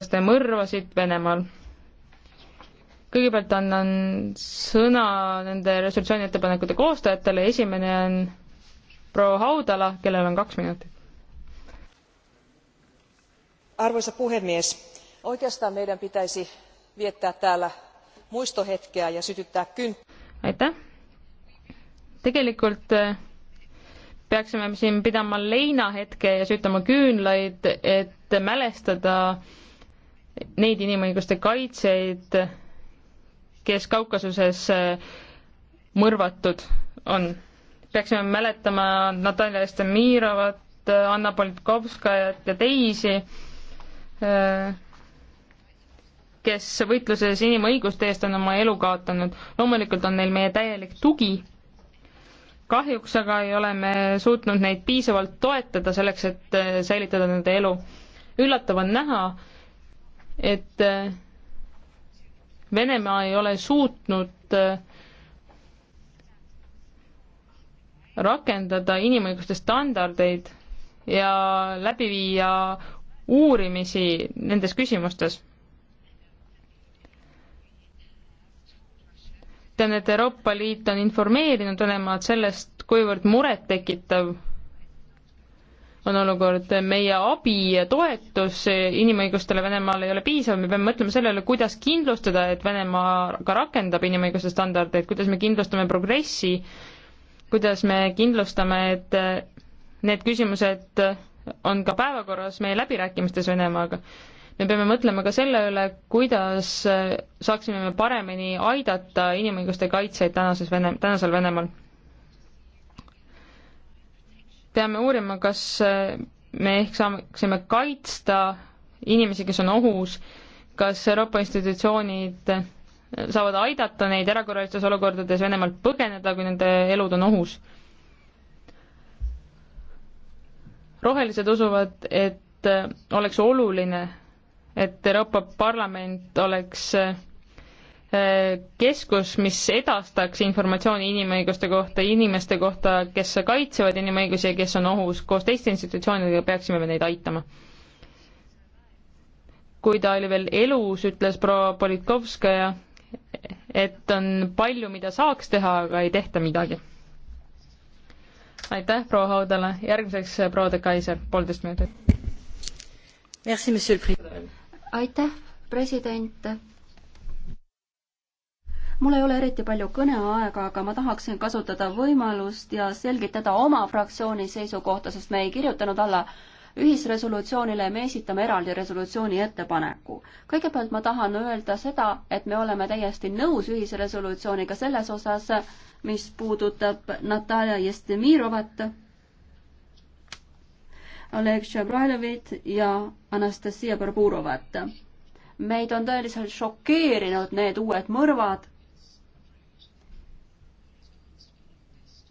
laste mõrvasid Venemaal. kõigepealt annan sõna nende resolutsiooni ettepanekute koostajatele, esimene on proua Haudala, kellel on kaks minutit. arvoisa puhemies, oikeastaan meidän pitäisi viettää täällä muistohetkeä ja sytyttää kyn-. aitäh. tegelikult äh, peaksime siin pidama leinahetke ja sütama küünlaid, et mälestada äh, neid inimõiguste kaitsjaid, kes Kaukasuses mõrvatud on. peaksime mäletama Natalja Estemirovat, Anna Politkovskajat ja teisi, kes võitluses inimõiguste eest on oma elu kaotanud. loomulikult on neil meie täielik tugi, kahjuks aga ei ole me suutnud neid piisavalt toetada selleks, et säilitada nende elu. üllatav on näha, et äh, Venemaa ei ole suutnud äh, rakendada inimõiguste standardeid ja läbi viia uurimisi nendes küsimustes. tean, et Euroopa Liit on informeerinud Venemaad sellest, kuivõrd murettekitav on olukord, meie abi ja toetus inimõigustele Venemaal ei ole piisav, me peame mõtlema sellele, kuidas kindlustada, et Venemaa ka rakendab inimõiguste standardeid, kuidas me kindlustame progressi, kuidas me kindlustame, et need küsimused on ka päevakorras meie läbirääkimistes Venemaaga me peame mõtlema ka selle üle, kuidas saaksime me paremini aidata inimõiguste kaitsjaid tänases Vene, tänasel Venemaal peame uurima, kas eh, me ehk saaksime kaitsta inimesi, kes on ohus, kas Euroopa institutsioonid eh, saavad aidata neid erakorralistes olukordades Venemaalt põgeneda, kui nende elud on ohus. rohelised usuvad, et eh, oleks oluline, et Euroopa Parlament oleks keskus, mis edastaks informatsiooni inimõiguste kohta, inimeste kohta, kes kaitsevad inimõigusi ja kes on ohus, koos teiste institutsioonidega peaksime me neid aitama. kui ta oli veel elus, ütles proua Politkovskaja, et on palju, mida saaks teha, aga ei tehta midagi. aitäh proua Haudale, järgmiseks proua de Kaiser, poolteist minutit. aitäh, president mul ei ole eriti palju kõneaega, aga ma tahaksin kasutada võimalust ja selgitada oma fraktsiooni seisukohta, sest me ei kirjutanud alla ühisresolutsioonile, me esitame eraldi resolutsiooni ettepaneku. kõigepealt ma tahan öelda seda, et me oleme täiesti nõus ühisresolutsiooniga selles osas, mis puudutab Natalja Jestemirovat, Oleg Šabrailovit ja Anastasia Barburovat meid on tõeliselt šokeerinud need uued mõrvad.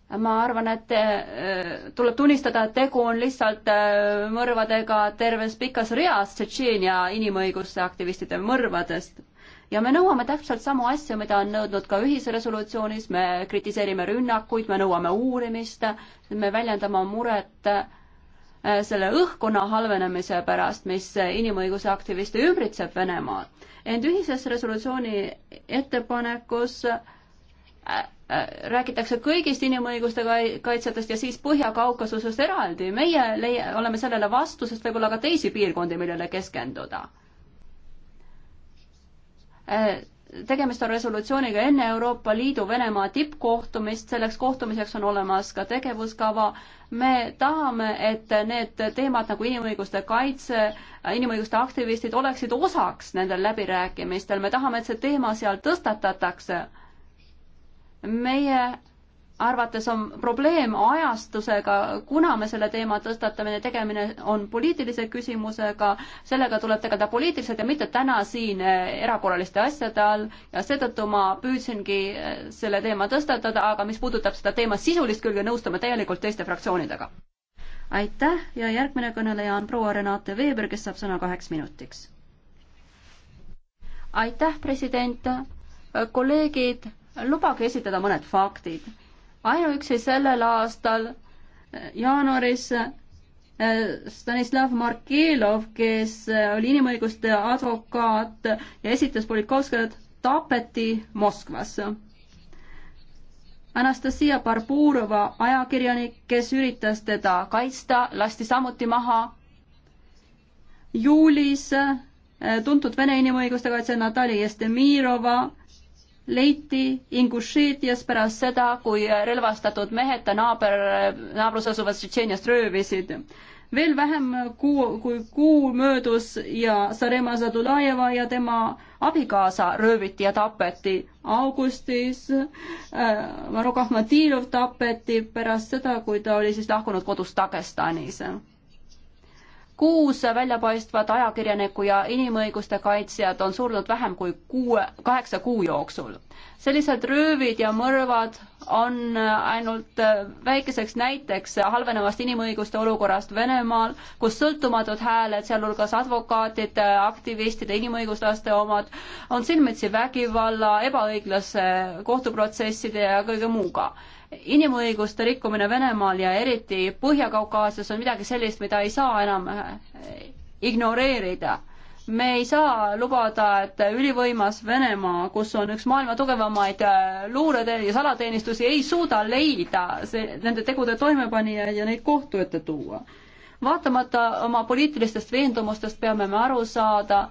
ma arvan, et äh, tuleb tunnistada, et tegu on lihtsalt äh, mõrvadega terves pikas reas Tšetšeenia inimõiguste aktivistide mõrvadest. ja me nõuame täpselt samu asju, mida on nõudnud ka ühisresolutsioonis, me kritiseerime rünnakuid, me nõuame uurimist, me väljendame muret äh, selle õhkkonna halvenemise pärast, mis inimõiguse aktiviste ümbritseb Venemaal. ent ühises resolutsiooni ettepanekus Äh, räägitakse kõigist inimõiguste kaitsjatest ja siis Põhja-Kaukasusest eraldi. meie leia, oleme sellele vastu, sest võib olla ka teisi piirkondi, millele keskenduda. Äh, tegemist on resolutsiooniga enne Euroopa Liidu Venemaa tippkohtumist, selleks kohtumiseks on olemas ka tegevuskava. me tahame, et need teemad nagu inimõiguste kaitse, inimõiguste aktivistid oleksid osaks nendel läbirääkimistel, me tahame, et see teema seal tõstatatakse meie arvates on probleem ajastusega, kuna me selle teema tõstatamine, tegemine on poliitilise küsimusega, sellega tuleb tegeleda poliitiliselt ja mitte täna siin eh, erakorraliste asjade all ja seetõttu ma püüdsingi eh, selle teema tõstatada, aga mis puudutab seda teema sisulist külge, nõustume täielikult teiste fraktsioonidega. aitäh ja järgmine kõneleja on proua Renate Veeber, kes saab sõna kaheks minutiks. aitäh, president, kolleegid lubage esitada mõned faktid. ainuüksi sellel aastal eh, jaanuaris eh, Stanislav Markelov, kes eh, oli inimõiguste advokaat ja esitas Politkovskajat, tapeti Moskvas. Anastasia Barburova, ajakirjanik, kes üritas teda kaitsta, lasti samuti maha. juulis tuntud Vene inimõiguste kaitse Natalja Jestemirova leiti Ingušeetias pärast seda, kui relvastatud mehed ta naaber, naabrus asuvast Tšetšeeniast röövisid. veel vähem kuu, kui kuu möödus ja Sarema Zadulajeva ja tema abikaasa rööviti ja tapeti. augustis äh, Marok Ahmadilov tapeti pärast seda, kui ta oli siis lahkunud kodust Dagestanis kuus väljapaistvat ajakirjanikku ja inimõiguste kaitsjad on surnud vähem kui kuue, kaheksa kuu jooksul. sellised röövid ja mõrvad on ainult väikeseks näiteks halvenevast inimõiguste olukorrast Venemaal, kus sõltumatud hääled, sealhulgas advokaatid, aktivistide, inimõiguslaste omad, on silmitsi vägivalla, ebaõiglase kohtuprotsesside ja kõige muuga inimõiguste rikkumine Venemaal ja eriti Põhja-Kaukaasias on midagi sellist, mida ei saa enam äh, ignoreerida. me ei saa lubada, et ülivõimas Venemaa, kus on üks maailma tugevamaid äh, luurede- ja salateenistusi, ei suuda leida see, nende tegude toimepanijaid ja neid kohtu ette tuua. vaatamata oma poliitilistest veendumustest peame me aru saada,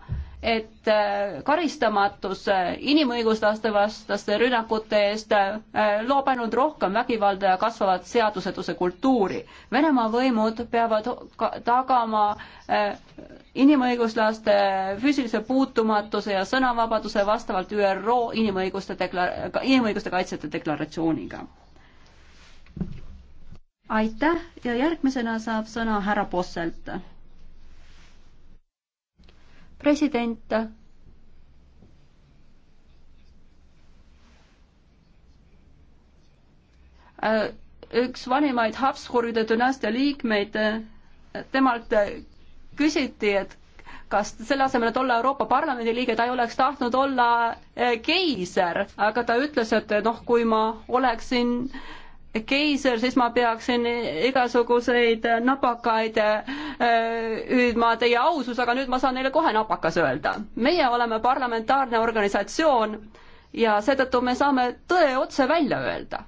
et äh, karistamatus äh, inimõiguslaste vastaste rünnakute eest äh, loob ainult rohkem vägivalda ja kasvavat seadusetuse kultuuri. Venemaa võimud peavad tagama inimõiguslaste füüsilise puutumatuse ja sõnavabaduse vastavalt ÜRO inimõiguste deklar-, inimõiguste kaitsjate deklaratsiooniga. aitäh ja järgmisena saab sõna härra Posselt president. üks vanimaid Habsburgide dünastia liikmeid, temalt küsiti, et kas selle asemel, et olla Euroopa Parlamendi liige, ta ei oleks tahtnud olla eh, keiser, aga ta ütles, et eh, noh, kui ma oleksin äh, keiser, siis ma peaksin igasuguseid napakaid äh, hüüdma teie ausus, aga nüüd ma saan neile kohe napakas öelda. meie oleme parlamentaarne organisatsioon ja seetõttu me saame tõe otse välja öelda.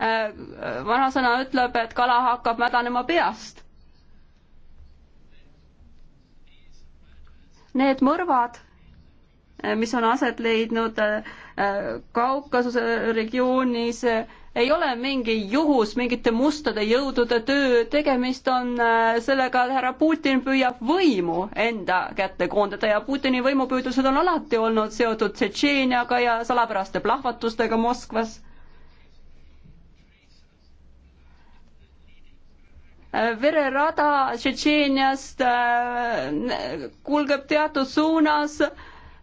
Äh, vanasõna ütleb, et kala hakkab mädanema peast. Need mõrvad Äh, mis on aset leidnud äh, Kaukasuse regioonis, ei ole mingi juhus, mingite mustade jõudude töö, tegemist on äh, sellega, et härra Putin püüab võimu enda kätte koondada ja Putini võimupüüdlused on alati olnud seotud Tšetšeeniaga ja salapäraste plahvatustega Moskvas. vererada Tšetšeeniast kulgeb teatud suunas äh,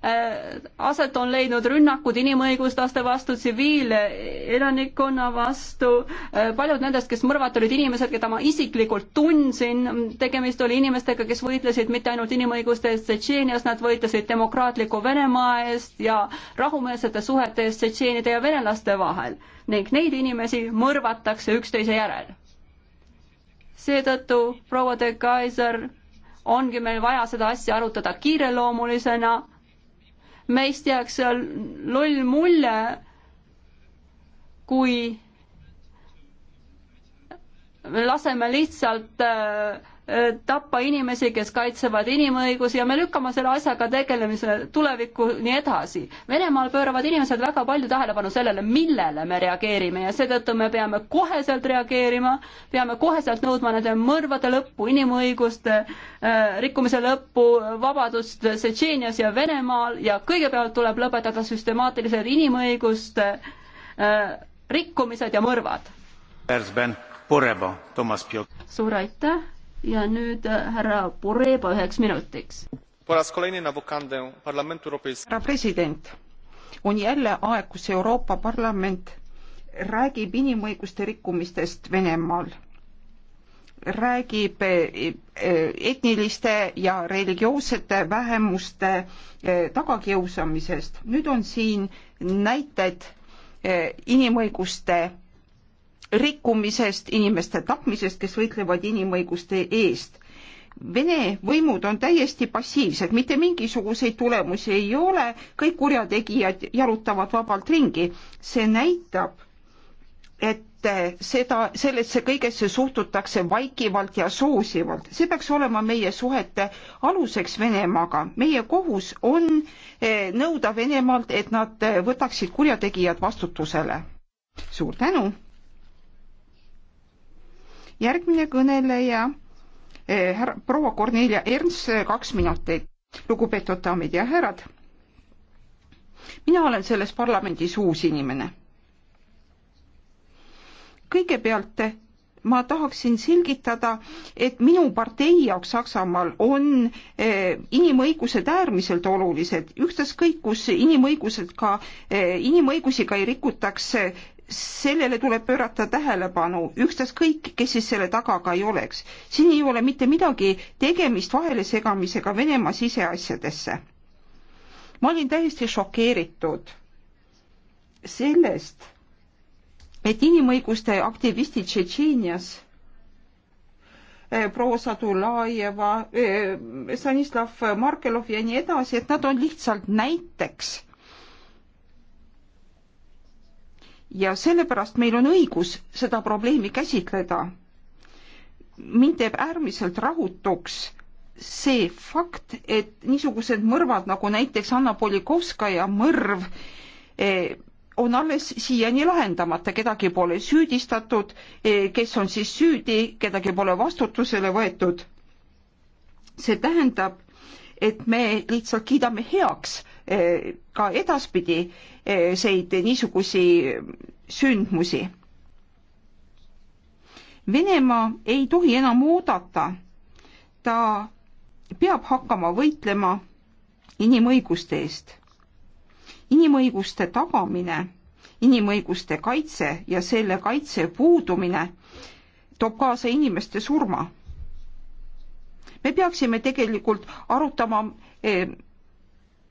Äh, aset on leidnud rünnakud inimõiguslaste vastu, tsiviilelanikkonna vastu, äh, paljud nendest, kes mõrvati, olid inimesed, keda ma isiklikult tundsin, tegemist oli inimestega, kes võitlesid mitte ainult inimõiguste eest Tšetšeenias, nad võitlesid demokraatliku Venemaa eest ja rahumeelsete suhete eest tšetšeenide ja venelaste vahel ning neid inimesi mõrvatakse üksteise järel. seetõttu proua de Kaiser ongi meil vaja seda asja arutada kiireloomulisena meist jääks loll mulje, kui me laseme lihtsalt äh, Äh, tappa inimesi, kes kaitsevad inimõigusi ja me lükkame selle asjaga tegelemise tulevikku nii edasi. Venemaal pööravad inimesed väga palju tähelepanu sellele, millele me reageerime ja seetõttu me peame koheselt reageerima, peame koheselt nõudma nende mõrvade lõppu, inimõiguste äh, rikkumise lõppu, vabadust Tšetšeenias ja Venemaal ja kõigepealt tuleb lõpetada süstemaatilised inimõiguste äh, rikkumised ja mõrvad. suur aitäh ja nüüd äh, härra Pureba üheks minutiks. härra president, on jälle aeg, kus Euroopa Parlament räägib inimõiguste rikkumistest Venemaal, räägib äh, äh, etniliste ja religioossete vähemuste tagakiusamisest. nüüd on siin näited inimõiguste rikkumisest, inimeste tapmisest, kes võitlevad inimõiguste eest. Vene võimud on täiesti passiivsed, mitte mingisuguseid tulemusi ei ole, kõik kurjategijad jalutavad vabalt ringi. see näitab, et seda, sellesse kõigesse suhtutakse vaikivalt ja soosivalt. see peaks olema meie suhete aluseks Venemaaga. meie kohus on eh, nõuda Venemaalt, et nad eh, võtaksid kurjategijad vastutusele. suur tänu! järgmine kõneleja eh, härra proua Kornelia Ernst, eh, kaks minutit. lugupeetud daamid ja härrad, mina olen selles parlamendis uus inimene. kõigepealt eh, ma tahaksin selgitada, et minu partei jaoks Saksamaal on inimõigused äärmiselt olulised, ükstaskõik kus inimõigused ka, inimõigusi ka ei rikutaks sellele tuleb pöörata tähelepanu, ükstaskõik, kes siis selle taga ka ei oleks. siin ei ole mitte midagi tegemist vahelesegamisega Venemaa siseasjadesse. ma olin täiesti šokeeritud sellest, et inimõiguste aktivistid Tšetšeenias proua Sadulajeva, Stanislav Markelov ja nii edasi, et nad on lihtsalt näiteks ja sellepärast meil on õigus seda probleemi käsitleda. mind teeb äärmiselt rahutuks see fakt, et niisugused mõrvad nagu näiteks Anna Polikovskaja mõrv eh, on alles siiani lahendamata, kedagi pole süüdistatud eh,, kes on siis süüdi, kedagi pole vastutusele võetud. see tähendab, et me lihtsalt kiidame heaks eh, ka edaspidi eh, seid niisugusi eh, sündmusi. Venemaa ei tohi enam oodata. ta peab hakkama võitlema inimõiguste eest. inimõiguste tagamine, inimõiguste kaitse ja selle kaitse puudumine toob kaasa inimeste surma me peaksime tegelikult arutama eh,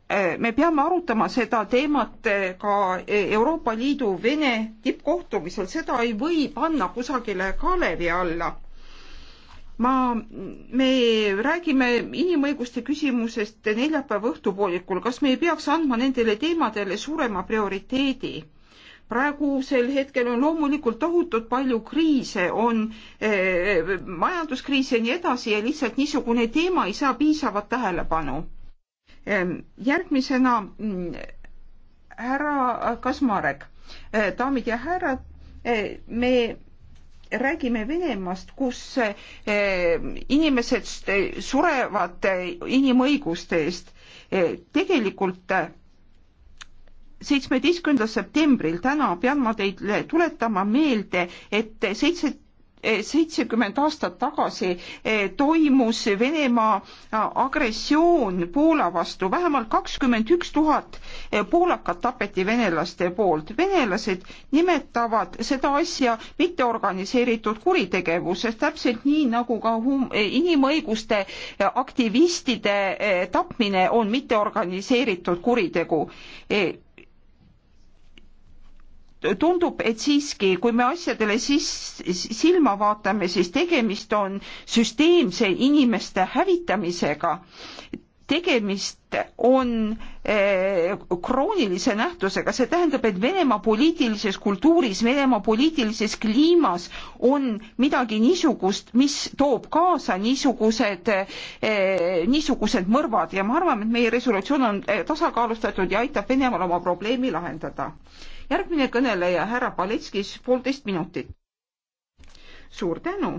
eh, me peame arutama seda teemat eh, ka Euroopa Liidu Vene tippkohtumisel, seda ei või panna kusagile kalevi alla. ma, me räägime inimõiguste küsimusest neljapäeva õhtupoolikul, kas me ei peaks andma nendele teemadele suurema prioriteedi? praegusel hetkel on loomulikult tohutult palju kriise, on eh, majanduskriise ja nii edasi ja lihtsalt niisugune teema ei saa piisavat tähelepanu eh,. järgmisena mm, härra Kasmarek eh,, daamid ja härrad, eh, me räägime Venemaast, kus eh, inimesed eh, surevad inimõiguste eest. tegelikult seitsmeteistkümnendal septembril täna pean ma teile tuletama meelde, et seitse, seitsekümmend aastat tagasi eh, toimus Venemaa eh, agressioon Poola vastu, vähemalt kakskümmend üks tuhat eh, poolakat tapeti venelaste poolt. venelased nimetavad seda asja mitteorganiseeritud kuritegevusest, täpselt nii nagu ka hum-, inimõiguste aktivistide tapmine on mitteorganiseeritud kuritegu tundub, et siiski, kui me asjadele siis silma vaatame, siis tegemist on süsteemse inimeste hävitamisega. tegemist on eh, kroonilise nähtusega, see tähendab, et Venemaa poliitilises kultuuris, Venemaa poliitilises kliimas on midagi niisugust, mis toob kaasa niisugused eh,, niisugused mõrvad ja ma arvan, et meie resolutsioon on eh, tasakaalustatud ja aitab Venemaal oma probleemi lahendada järgmine kõneleja, härra Paletskis, poolteist minutit. suur tänu.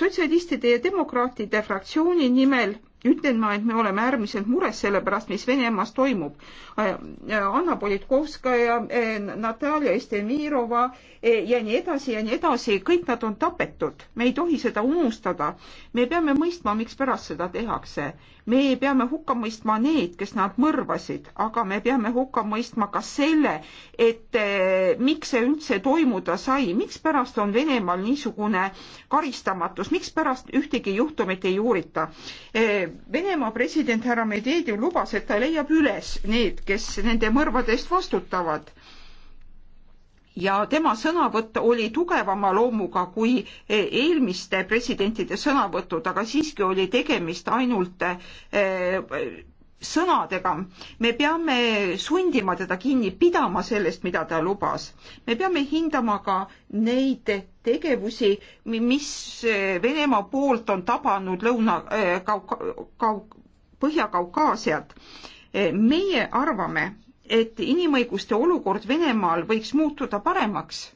sotsialistide ja demokraatide fraktsiooni nimel ütlen ma, et me oleme äärmiselt mures selle pärast, mis Venemaas toimub. Äh, äh, Anna Politkovskaja, äh, Natalja Estemirova ja nii edasi ja nii edasi, kõik nad on tapetud. me ei tohi seda unustada. me peame mõistma, mikspärast seda tehakse. me peame hukka mõistma need, kes nad mõrvasid, aga me peame hukka mõistma ka selle, et eh, miks see üldse toimuda sai, mikspärast on Venemaal niisugune karistamatus, mikspärast ühtegi juhtumit ei uurita eh, Venemaa president härra Medvedjev lubas, et ta leiab üles need, kes nende mõrvade eest vastutavad. ja tema sõnavõtt oli tugevama loomuga kui e, eelmiste presidentide sõnavõtud, aga siiski oli tegemist ainult e, sõnadega, me peame sundima teda kinni pidama sellest, mida ta lubas. me peame hindama ka neid tegevusi, mis eh, Venemaa poolt on tabanud Lõuna äh, eh, Kauk-, Kauk-, Põhja-Kaukaasiat. Eh, meie arvame, et inimõiguste olukord Venemaal võiks muutuda paremaks,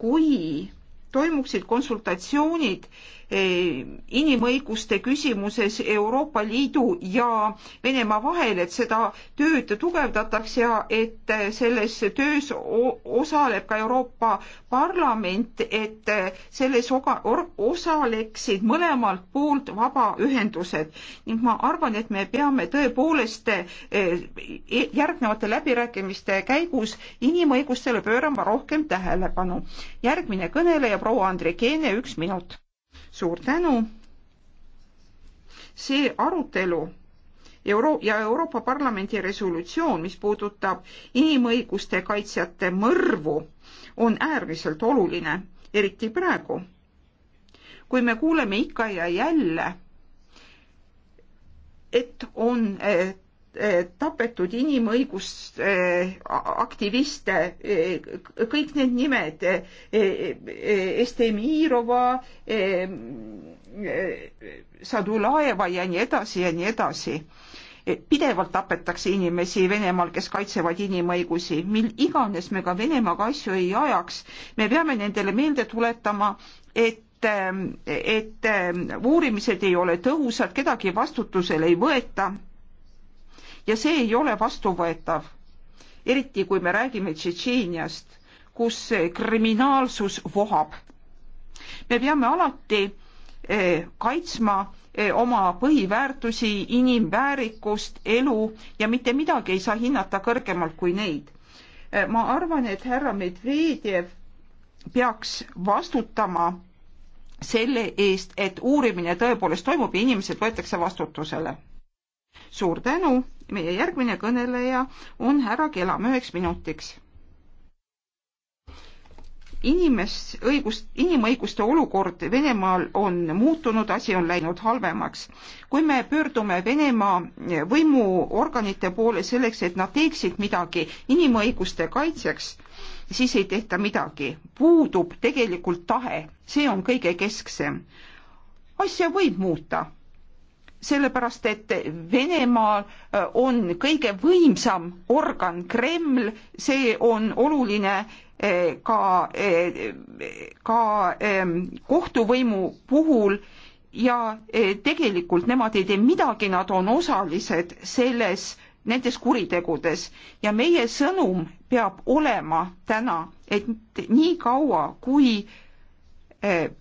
kui toimuksid konsultatsioonid äh, Eh, inimõiguste küsimuses Euroopa Liidu ja Venemaa vahel, et seda tööd tugevdataks ja et eh, selles töös osaleb ka Euroopa Parlament, et eh, selles osaleksid mõlemalt poolt vabaühendused ning ma arvan, et me peame tõepoolest e-, järgnevate läbirääkimiste käigus inimõigustele pöörama rohkem tähelepanu. järgmine kõneleja, proua Andrei Keene, üks minut suur tänu. see arutelu Euro- ja Euroopa Parlamendi resolutsioon, mis puudutab inimõiguste kaitsjate mõrvu, on äärmiselt oluline, eriti praegu. kui me kuuleme ikka ja jälle, et on et Eh, tapetud inimõigusaktiviste, eh, eh, kõik need nimed, Estemirova, Sadulaeva ja nii edasi ja nii edasi. pidevalt tapetakse inimesi Venemaal, kes kaitsevad inimõigusi, mil iganes me ka Venemaaga asju ei ajaks, me peame nendele meelde tuletama, et et, et uurimised ei ole tõhusad, kedagi vastutusele ei võeta ja see ei ole vastuvõetav. eriti kui me räägime Tšetšeeniast, kus kriminaalsus vohab. me peame alati eh, kaitsma eh, oma põhiväärtusi, inimväärikust, elu ja mitte midagi ei saa hinnata kõrgemalt kui neid. Eh, ma arvan, et härra Medvedjev peaks vastutama selle eest, et uurimine tõepoolest toimub ja inimesed võetakse vastutusele suur tänu, meie järgmine kõneleja on härra Kelam üheks minutiks inimesõigust, inimõiguste olukord Venemaal on muutunud, asi on läinud halvemaks. kui me pöördume Venemaa võimuorganite poole selleks, et nad teeksid midagi inimõiguste kaitseks, siis ei tehta midagi, puudub tegelikult tahe, see on kõige kesksem. asja võib muuta sellepärast et Venemaal äh, on kõige võimsam organ Kreml, see on oluline äh, ka, äh, ka ähm, kohtuvõimu puhul ja tegelikult nemad ei tee midagi, nad on osalised selles, nendes kuritegudes ja meie sõnum peab olema täna, et nii kaua, kui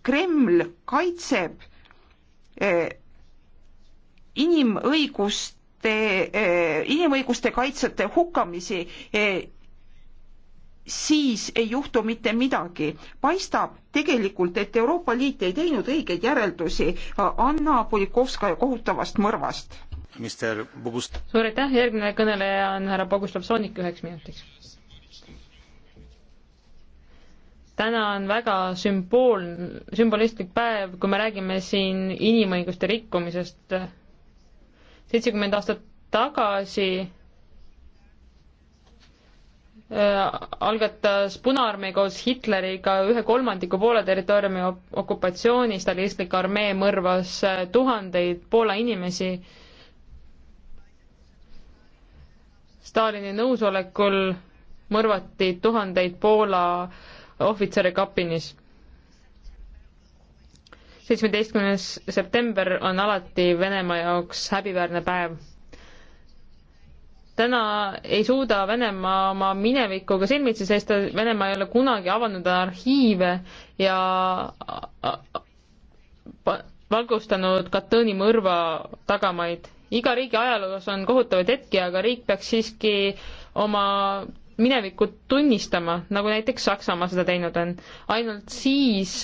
Kreml kaitseb inimõiguste, eh, inimõiguste kaitsjate hukkamisi, eh, siis ei juhtu mitte midagi. paistab tegelikult, et Euroopa Liit ei teinud õigeid järeldusi eh, Anna Polikovskaja kohutavast mõrvast. suur aitäh, järgmine kõneleja on härra Boguslav Soonik üheks minutiks. täna on väga sümbool, sümbolistlik päev, kui me räägime siin inimõiguste rikkumisest seitsekümmend aastat tagasi äh, algatas Punaarmee koos Hitleriga ühe kolmandiku Poola territooriumi okupatsiooni, stalinistlik armee mõrvas äh, tuhandeid Poola inimesi. Stalini nõusolekul mõrvati tuhandeid Poola ohvitsere kapinis seitsmeteistkümnes september on alati Venemaa jaoks häbiväärne päev. täna ei suuda Venemaa oma minevikuga silmitsi seista, Venemaa ei ole kunagi avanud arhiive ja valgustanud Katõni mõrva tagamaid. iga riigi ajaloos on kohutavaid hetki, aga riik peaks siiski oma minevikut tunnistama, nagu näiteks Saksamaa seda teinud on. ainult siis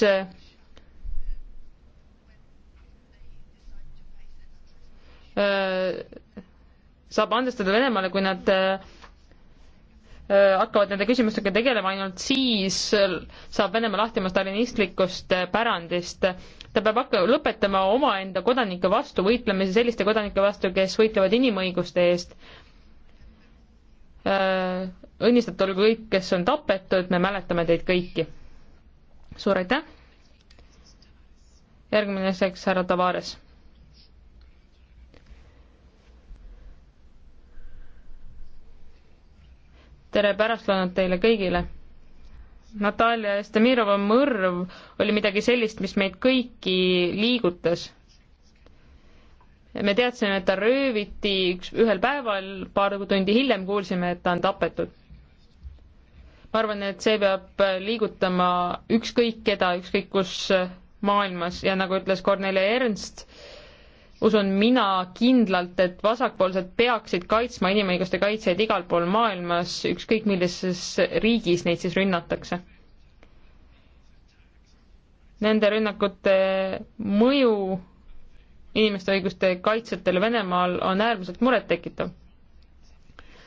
Äh, saab andestada Venemaale, kui nad äh, äh, hakkavad nende küsimustega tegelema, ainult siis saab Venemaa lahti oma stalinistlikust pärandist. ta peab hakkama, lõpetama omaenda kodanike vastu võitlemise, selliste kodanike vastu, kes võitlevad inimõiguste eest. õnnistatud olgu kõik, kes on tapetud, me mäletame teid kõiki. suur aitäh! järgmine seks, härra Tavares tere pärastlõunat teile kõigile. Natalja Estemirova mõrv oli midagi sellist, mis meid kõiki liigutas. me teadsime, et ta rööviti üks, ühel päeval, paar tundi hiljem kuulsime, et ta on tapetud. ma arvan, et see peab liigutama ükskõik keda, ükskõik kus maailmas ja nagu ütles Kornelia Ernst, usun mina kindlalt, et vasakpoolsed peaksid kaitsma inimõiguste kaitsjaid igal pool maailmas, ükskõik millises riigis neid siis rünnatakse. Nende rünnakute mõju inimeste õiguste kaitsjatele Venemaal on äärmiselt murettekitav.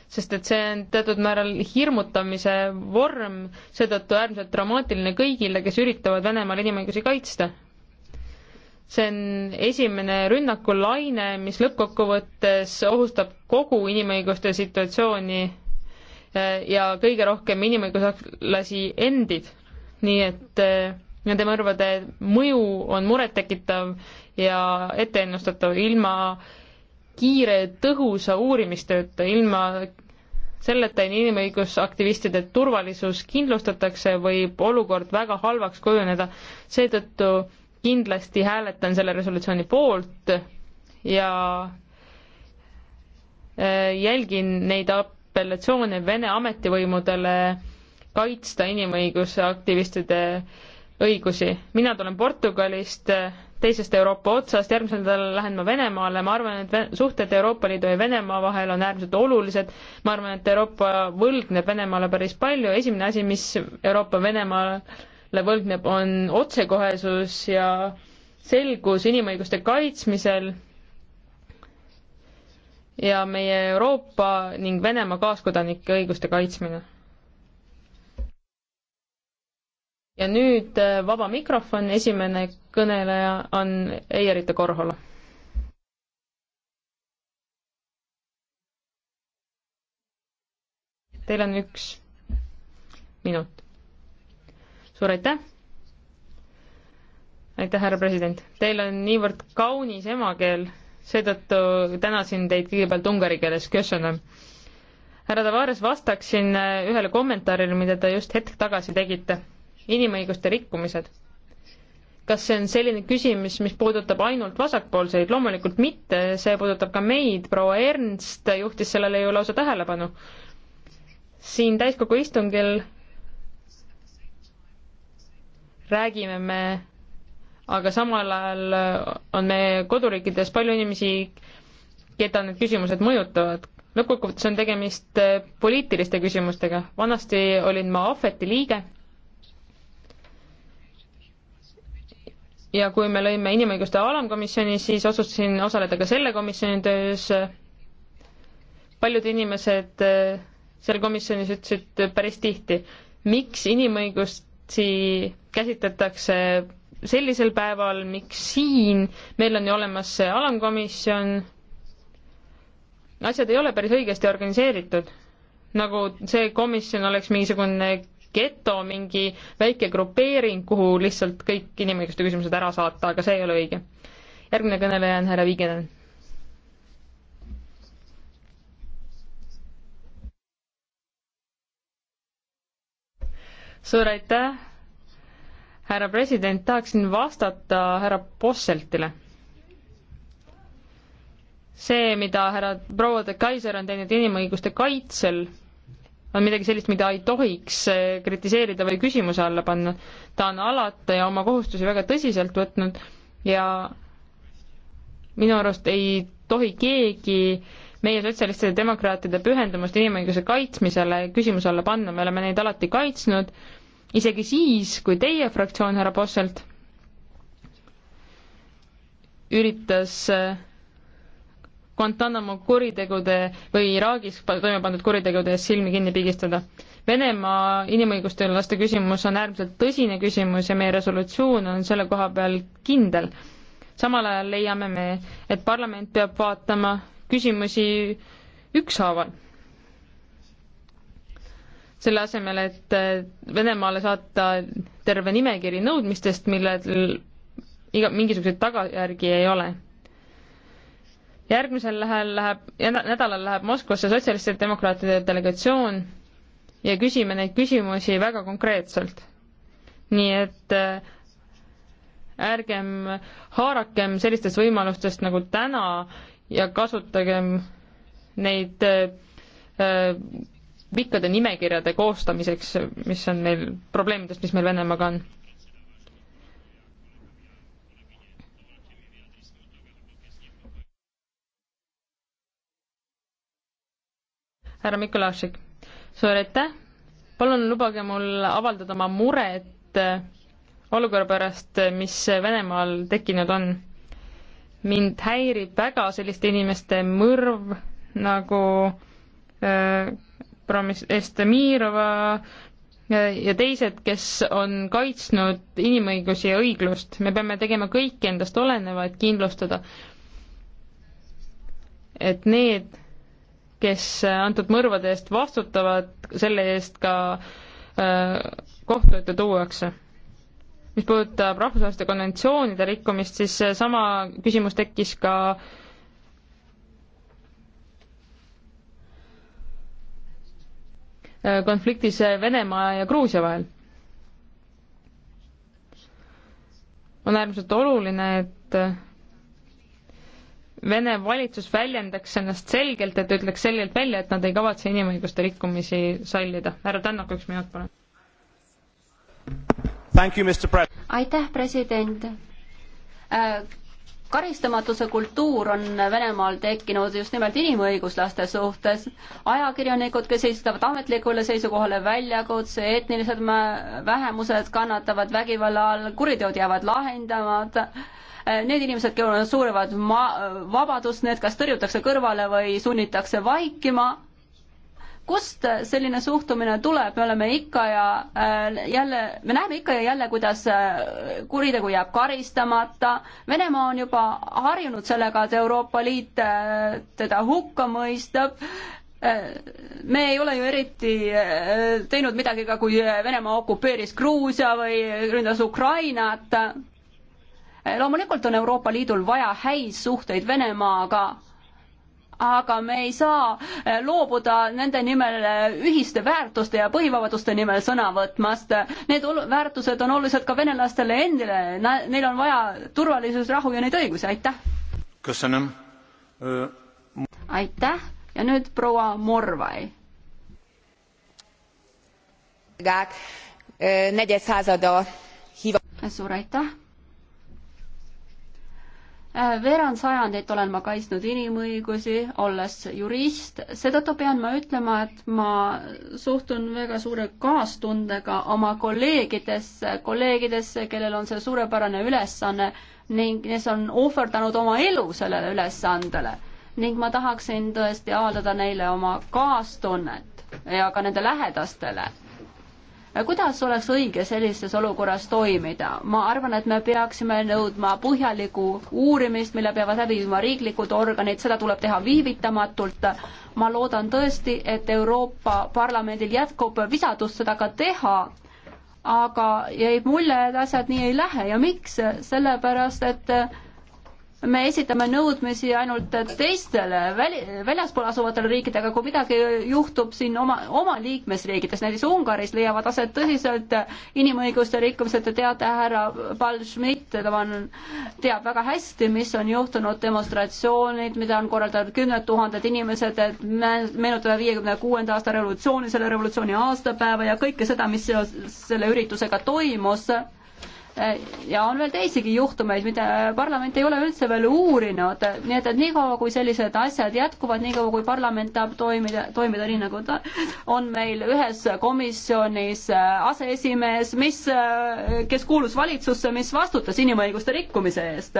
sest et see on teatud määral hirmutamise vorm, seetõttu äärmiselt dramaatiline kõigile, kes üritavad Venemaal inimõigusi kaitsta see on esimene rünnakulaine, mis lõppkokkuvõttes ohustab kogu inimõiguste situatsiooni eh, ja kõige rohkem inimõiguslasi endid. nii et eh, nende mõrvade mõju on murettekitav ja etteennustatav ilma kiire tõhusa uurimistööta, ilma selleta inimõigusaktivistide turvalisus kindlustatakse, võib olukord väga halvaks kujuneda. seetõttu kindlasti hääletan selle resolutsiooni poolt ja äh, jälgin neid apellatsioone Vene ametivõimudele kaitsta inimõiguse aktivistide õigusi. mina tulen Portugalist, teisest Euroopa otsast, järgmisel nädalal lähen ma Venemaale, ma arvan, et suhted Euroopa Liidu ja Venemaa vahel on äärmiselt olulised, ma arvan, et Euroopa võlgneb Venemaale päris palju, esimene asi, mis Euroopa Venemaale võlgneb, on otsekohesus ja selgus inimõiguste kaitsmisel ja meie Euroopa ning Venemaa kaaskodanike õiguste kaitsmine. ja nüüd äh, vaba mikrofon, esimene kõneleja on Eierite Korhola Teil on üks minut suur aitäh! aitäh, härra president! Teil on niivõrd kaunis emakeel, seetõttu tänasin teid kõigepealt ungari keeles, härra Tavares, vastaksin äh, ühele kommentaarile, mida te just hetk tagasi tegite. inimõiguste rikkumised. kas see on selline küsimus, mis puudutab ainult vasakpoolseid? loomulikult mitte, see puudutab ka meid, proua Ernst juhtis sellele ju lausa tähelepanu. siin täiskogu istungil räägime me, aga samal ajal on meie koduriikides palju inimesi, keda need küsimused mõjutavad. lõppkokkuvõttes on tegemist eh, poliitiliste küsimustega. vanasti olin ma ahveti liige ja kui me lõime inimõiguste alamkomisjoni, siis otsustasin osaleda ka selle komisjoni töös. paljud inimesed eh, seal komisjonis ütlesid päris tihti, miks inimõigusi käsitletakse sellisel päeval, miks siin, meil on ju olemas see alamkomisjon, asjad ei ole päris õigesti organiseeritud. nagu see komisjon oleks mingisugune geto, mingi väike grupeering, kuhu lihtsalt kõik inimõiguste küsimused ära saata, aga see ei ole õige. järgmine kõneleja on härra Vigenen. suur aitäh härra president, tahaksin vastata härra Posseltile. see, mida härra proua de Kaiser on teinud inimõiguste kaitsel, on midagi sellist, mida ei tohiks eh, kritiseerida või küsimuse alla panna. ta on alati oma kohustusi väga tõsiselt võtnud ja minu arust ei tohi keegi meie sotsialistide demokraatide pühendumust inimõiguse kaitsmisele küsimuse alla panna, me oleme neid alati kaitsnud isegi siis, kui teie fraktsioon, härra Posselt, üritas äh, Guantanamo kuritegude või Iraagis toime pandud kuritegude eest silmi kinni pigistada. Venemaa inimõiguste ja laste küsimus on äärmiselt tõsine küsimus ja meie resolutsioon on selle koha peal kindel. samal ajal leiame me, et parlament peab vaatama küsimusi ükshaaval selle asemel, et äh, Venemaale saata terve nimekiri nõudmistest, millel iga, mingisuguseid tagajärgi ei ole. järgmisel läheb, läheb, nädalal läheb Moskvasse sotsialistide demokraatide delegatsioon ja küsime neid küsimusi väga konkreetselt. nii et äh, ärgem haarakem sellistest võimalustest nagu täna ja kasutagem neid äh, äh pikkade nimekirjade koostamiseks, mis on meil, probleemidest, mis meil Venemaaga on. härra Mikolašik, suur aitäh, palun lubage mul avaldada oma muret äh, olukorra pärast, äh, mis Venemaal tekkinud on. mind häirib väga selliste inimeste mõrv nagu äh, Promis-, Estemirova ja teised, kes on kaitsnud inimõigusi ja õiglust. me peame tegema kõik endast oleneva, et kindlustada, et need, kes antud mõrvade eest vastutavad, selle eest ka äh, kohtu ette tuuakse. mis puudutab rahvusvaheliste konventsioonide rikkumist, siis sama küsimus tekkis ka äh, Äh, konfliktis Venemaa ja Gruusia vahel. on äärmiselt oluline, et äh, Vene valitsus väljendaks ennast selgelt, et ütleks selgelt välja, et nad ei kavatse inimõiguste rikkumisi sallida. härra Tänak, üks minut, palun. aitäh, president äh, karistamatuse kultuur on Venemaal tekkinud just nimelt inimõiguslaste suhtes. ajakirjanikud, kes esitavad ametlikule seisukohale väljakutse, etnilised vähemused kannatavad vägivalla all, kuriteod jäävad lahendamata. Need inimesed, kellel on suurevad ma-, vabadust, need kas tõrjutakse kõrvale või sunnitakse vaikima kust selline suhtumine tuleb, me oleme ikka ja äh, jälle, me näeme ikka ja jälle, kuidas äh, kuritegu jääb karistamata. Venemaa on juba harjunud sellega, et Euroopa Liit äh, teda hukka mõistab me ei ole ju eriti teinud midagi ka, kui Venemaa okupeeris Gruusia või ründas Ukrainat. loomulikult on Euroopa Liidul vaja häid suhteid Venemaaga aga me ei saa eh, loobuda nende nimel eh, ühiste väärtuste ja põhivabaduste nimel sõna võtmast. Need väärtused on olulised ka venelastele endile, neil on vaja turvalisus, rahu ja neid õigusi, aitäh. aitäh ja nüüd proua Morvai. Eh, suur aitäh Äh, veerand sajandit olen ma kaitsnud inimõigusi, olles jurist, seetõttu pean ma ütlema, et ma suhtun väga suure kaastundega oma kolleegidesse, kolleegidesse, kellel on see suurepärane ülesanne ning kes on ohverdanud oma elu sellele ülesandele. ning ma tahaksin tõesti avaldada neile oma kaastunnet ja ka nende lähedastele kuidas oleks õige sellises olukorras toimida? ma arvan, et me peaksime nõudma põhjalikku uurimist, mille peavad läbi viima riiklikud organid, seda tuleb teha viivitamatult. ma loodan tõesti, et Euroopa Parlamendil jätkub visadust seda ka teha aga jäi mulje, et asjad nii ei lähe ja miks, sellepärast et me esitame nõudmisi ainult teistele väli, väljaspool asuvatele riikidele, kui midagi juhtub siin oma, oma liikmesriikides, näiteks Ungaris leiavad aset tõsiselt inimõiguste rikkumised, te teate, härra Paul Schmidt, ta on, teab väga hästi, mis on juhtunud, demonstratsioonid, mida on korraldanud kümned tuhanded inimesed, et me meenutame viiekümne kuuenda aasta revolutsiooni, selle revolutsiooni aastapäeva ja kõike seda, mis selle üritusega toimus Äh, ja on veel teisigi juhtumeid, mida parlament ei ole üldse veel uurinud, nii et, et niikaua, kui sellised asjad jätkuvad, niikaua kui parlament tahab toimida, toimida nii, nagu ta on meil ühes komisjonis äh, aseesimees, mis, äh, kes kuulus valitsusse, mis vastutas inimõiguste rikkumise eest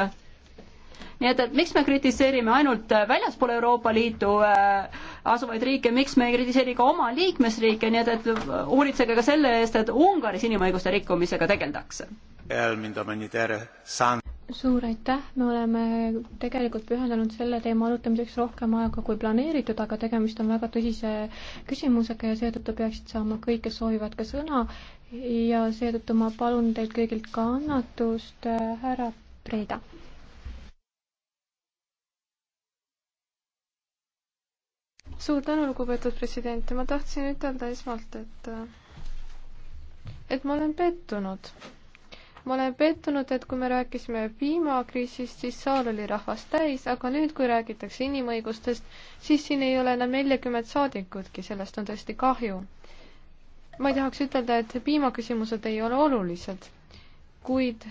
nii et, et miks me kritiseerime ainult väljaspool Euroopa Liitu asuvaid riike, miks me ei kritiseeri ka oma liikmesriike, nii et, et hoolitsege ka selle eest, et Ungaris inimõiguste rikkumisega tegeldakse el, mida me nüüd ära saan-. suur aitäh, me oleme tegelikult pühendanud selle teema arutamiseks rohkem aega kui planeeritud, aga tegemist on väga tõsise küsimusega ja seetõttu peaksid saama kõik, kes soovivad ka sõna ja seetõttu ma palun teilt kõigilt kannatust, härra Preeda. suur tänu, lugupeetud president, ma tahtsin ütelda esmalt, et et ma olen pettunud ma olen pettunud, et kui me rääkisime piimakriisist, siis saal oli rahvast täis, aga nüüd, kui räägitakse inimõigustest, siis siin ei ole enam neljakümmet saadikutki, sellest on tõesti kahju. ma ei tahaks ütelda, et piimaküsimused ei ole olulised, kuid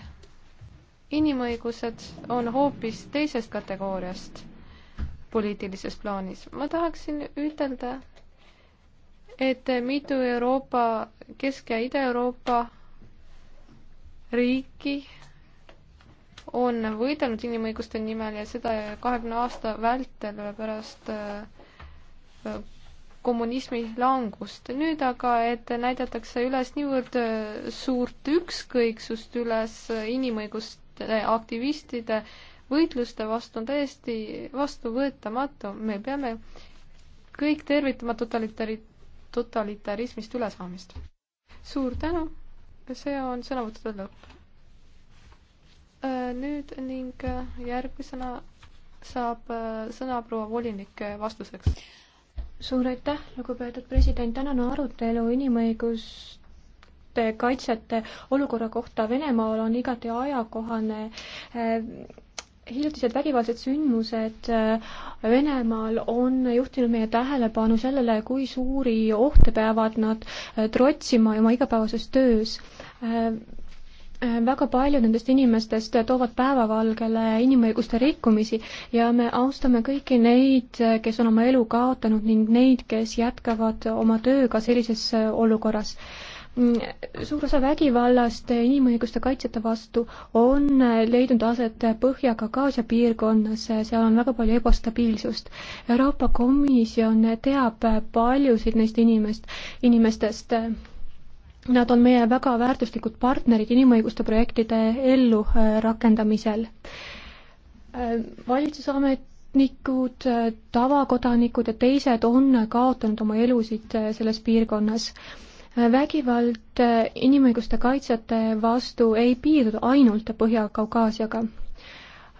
inimõigused on hoopis teisest kategooriast poliitilises plaanis. ma tahaksin ütelda, et mitu Euroopa Kesk, Kesk- ja Ida-Euroopa riiki on võidelnud inimõiguste nimel ja seda kahekümne aasta vältel pärast äh, kommunismi langust. nüüd aga, et näidatakse üles niivõrd äh, suurt ükskõiksust üles inimõiguste aktivistide võitluste vastu on täiesti vastuvõetamatu. me peame kõik tervitama totalitari-, totalitarismist ülesaamist. suur tänu! see on sõnavõttude lõpp. Äh, nüüd ning äh, järgmisena saab äh, sõna proua volinik vastuseks. suur aitäh, lugupeetud president, tänane arutelu inimõigust kaitsjate olukorra kohta Venemaal on igati ajakohane hiljutised vägivaldsed sündmused äh, Venemaal on juhtinud meie tähelepanu sellele, kui suuri ohte peavad nad äh, trotsima oma igapäevases töös äh, väga paljud nendest inimestest toovad päevavalgele inimõiguste rikkumisi ja me austame kõiki neid, kes on oma elu kaotanud ning neid, kes jätkavad oma tööga sellises olukorras Mm, suur osa vägivallast inimõiguste kaitsjate vastu on leidnud aset Põhja-Kaukaasia piirkonnas, seal on väga palju ebastabiilsust. Euroopa Komisjon teab paljusid neist inimest, inimestest. Nad on meie väga väärtuslikud partnerid inimõiguste projektide ellurakendamisel. valitsusamet ametnikud, tavakodanikud ja teised on kaotanud oma elusid selles piirkonnas vägivald äh, inimõiguste kaitsjate vastu ei piirdu ainult Põhja-Kaukaasiaga.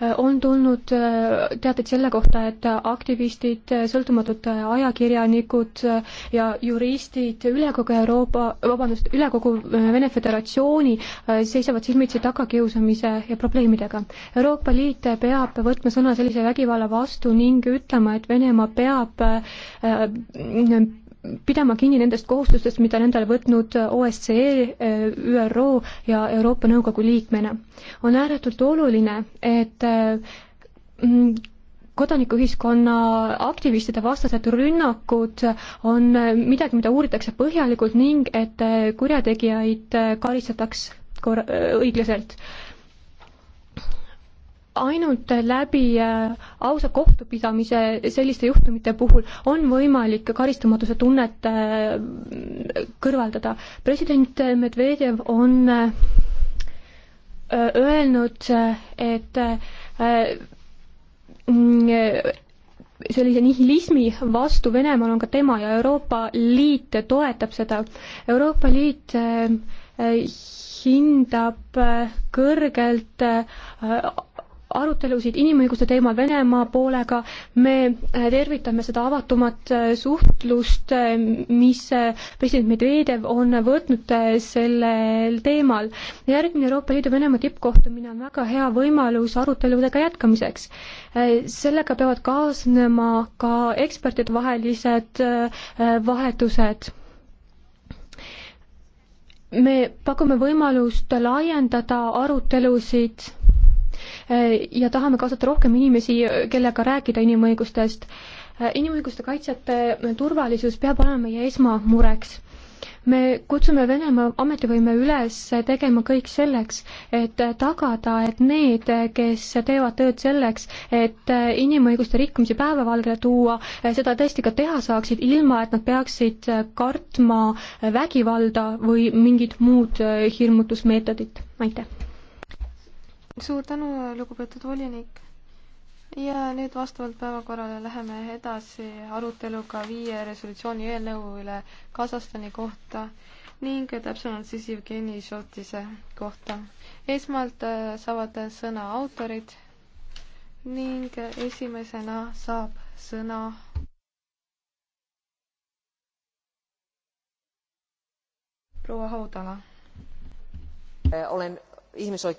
Äh, on tulnud äh, teateid selle kohta, et aktivistid, sõltumatud ajakirjanikud ja juristid üle kogu Euroopa, vabandust, üle kogu Vene Föderatsiooni seisavad silmitsi tagakiusamise ja probleemidega. Euroopa Liit peab võtma sõna sellise vägivalla vastu ning ütlema, et Venemaa peab pidama kinni nendest kohustustest, mida on endale võtnud äh, OSCE, äh, ÜRO ja Euroopa Nõukogu liikmena. on ääretult oluline, et äh, mm, kodanikuühiskonna aktivistide vastased rünnakud on midagi, mida uuritakse põhjalikult ning et kurjategijaid karistataks kor-, õiglaselt ainult läbi äh, ausa kohtupidamise selliste juhtumite puhul on võimalik karistamatuse tunnet äh, kõrvaldada. president Medvedjev on äh, öelnud, et sellise nihilismi vastu Venemaal on ka tema ja Euroopa Liit toetab seda. Euroopa Liit hindab kõrgelt arutelusid inimõiguste teemal Venemaa poolega, me äh, tervitame seda avatumat äh, suhtlust, äh, mis president Medvedev on võtnud sellel teemal. järgmine Euroopa Liidu Venemaa tippkohtumine on väga hea võimalus aruteludega jätkamiseks. sellega peavad kaasnema ka ekspertidevahelised vahetused me pakume võimalust laiendada arutelusid ja tahame kaasata rohkem inimesi, kellega rääkida inimõigustest. inimõiguste kaitsjate turvalisus peab olema meie esmamureks me kutsume Venemaa ametivõime üles tegema kõik selleks, et tagada, et need, kes teevad tööd selleks, et inimõiguste rikkumisi päevavalgele tuua, seda tõesti ka teha saaksid, ilma et nad peaksid kartma vägivalda või mingit muud hirmutusmeetodit. aitäh! suur tänu, lugupeetud volinik ja nüüd vastavalt päevakorrale läheme edasi aruteluga viie resolutsiooni eelnõu üle Kasahstani kohta ning täpsemalt siis Jevgeni Šotise kohta. esmalt äh, saavad sõna autorid ning esimesena saab sõna proua Haudala. olen ihmisoikeuksia